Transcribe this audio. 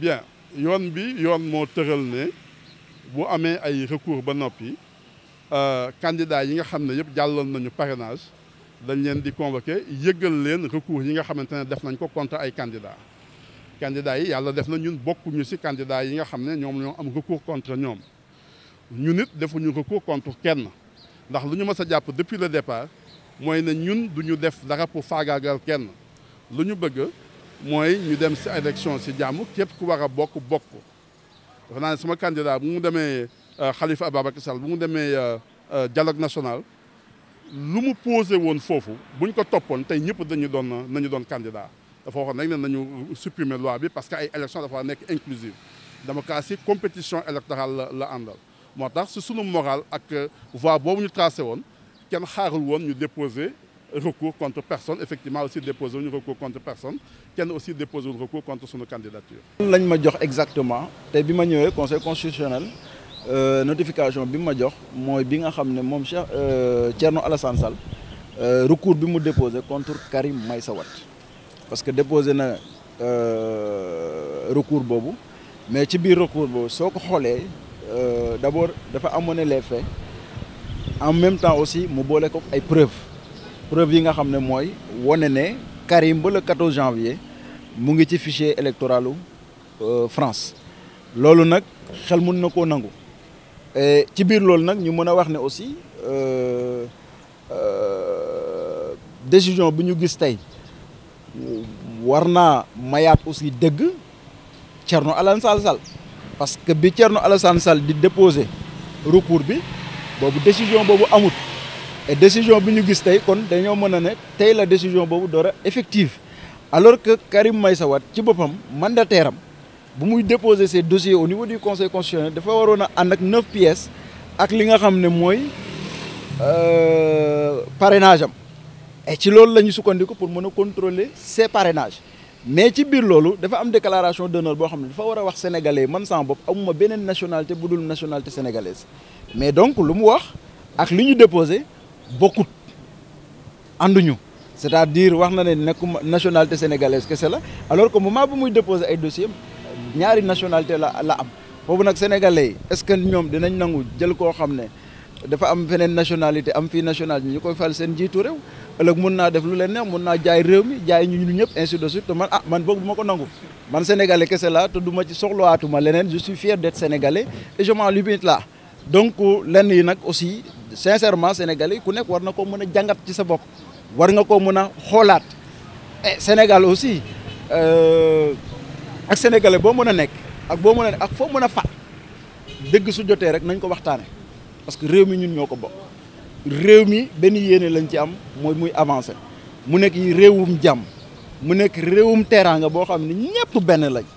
bien yoon bi yoon moo tëral ne bu amee ay recours ba noppi euh, candidat yi nga xam ne yëpp jàlloon nañu parrainage dañ leen di convoqué yëgal leen recours yi nga xamante ne def nañ ko contre ay candidat candidat yi yàlla def na ñun bokkuñu ci candidat yi nga xam ne ñoom ñoo am recours contre ñoom ñun it defuñu recours contre kenn ndax lu ñu mës a jàpp depuis le départ mooy ne ñun du ñu def dara pour faagaagal kenn lu ñu bëgg mooy ñu dem si élection si jàmm képp ku war a bokk bokk dafa suma ne sama candidat bu mu demee euh, Khalifa Ababacar Sall bu mu demee euh, euh, dialogue national lu mu posé woon foofu buñ ko toppoon tey ñëpp dañu doon nañu doon candidat dafa waxoon rek ne nañu supprimer loi bi parce que ay élection dafa nekk inclusive démocratie compétition électorale la la àndal moo tax si sunu moral ak voi boobu ñu tracé woon kenn xaarul woon ñu déposer recours contre personne effectivement aussi déposer ñu recours contre personne kenn aussi déposer wuñ recours contre sunu candidature. lañ ma jox exactement te bi ma ñëwee conseil constitutionnel euh, notification bi ma jox mooy bi nga xam ne moom Cheikh euh, Thierno Alassane Sall euh, recours bi mu déposé contre Karim Meïssa Wade parce que déposé na recours boobu mais ci biir recours boobu soo ko xoolee d'abord dafa amoon les faits. en même temps aussi mu boole ko ay preuves preuves yi nga xam ne mooy wane ne Karim ba le 14 janvier mu ngi ci fichier électoralu euh, France loolu nag xel mun na koo nangu ci biir loolu nag ñu mën a wax ne aussi euh, euh, décision bi ñu gis tey war naa mayaat aussi dëgg Thierno Alassane Sall parce que bi Thierno Alassane Sall di déposer recours bi boobu décision boobu amut et décision bi ñu gis tey kon dañoo mën a ne tey la décision boobu door effective alors que Karim Meïssa Wade ci boppam mandataire am bu muy déposer see dossiers au niveau du conseil constitutionnel dafa waroon a ànd ak neuf pièces ak li nga xam ne mooy euh, parrainage am et ci loolu la ñu sukkandiku pour mën a contrôler ses parrainages mais ci biir loolu dafa am déclaration d'honneur boo xam ne dafa war a wax sénégalais man sama bopp amuma beneen nationalité bu dul nationalité sénégalaise mais donc lu mu wax ak li ñu déposé bokkut ànduñu c'est-à-dire wax na ne nekkuma nationalité sénégalaise kese la alors que moment bu muy déposé ay dossier ñaari nationalité la la am foofu nag sénégalais est-ce que ñoom dinañ nangu jël koo xam ne dafa am feneen nationalité am fii nationalité ñu koy fal seen jiitu réew ëllëg mun naa def lu leen neex mun naa jaay réew mi jaay ñu ñun ñëpp ainsi de suite te man ah man boog du ma ko nangu man sénégalais kese laa te du ma ci soxlawaatuma leneen je suis fier d'être sénégalais et lu m'en limite là donc lenn yi nag aussi sincèrement sénégalais ku nekk war na koo mën a jàngat ci sa bopp war nga koo mën a xoolaat et eh, Sénégal aussi euh, ak sénégalais boo mën a nekk ak boo mën a nekk ak foo mën a far dëgg su jotee rek nañ ko waxtaane parce que réew mi ñun ñoo ko bokk réew mi benn yéene lañ ci am mooy muy avancé mu nekk réewum jàmm mu nekk réewum teraanga boo xam ne ñëpp benn lañ.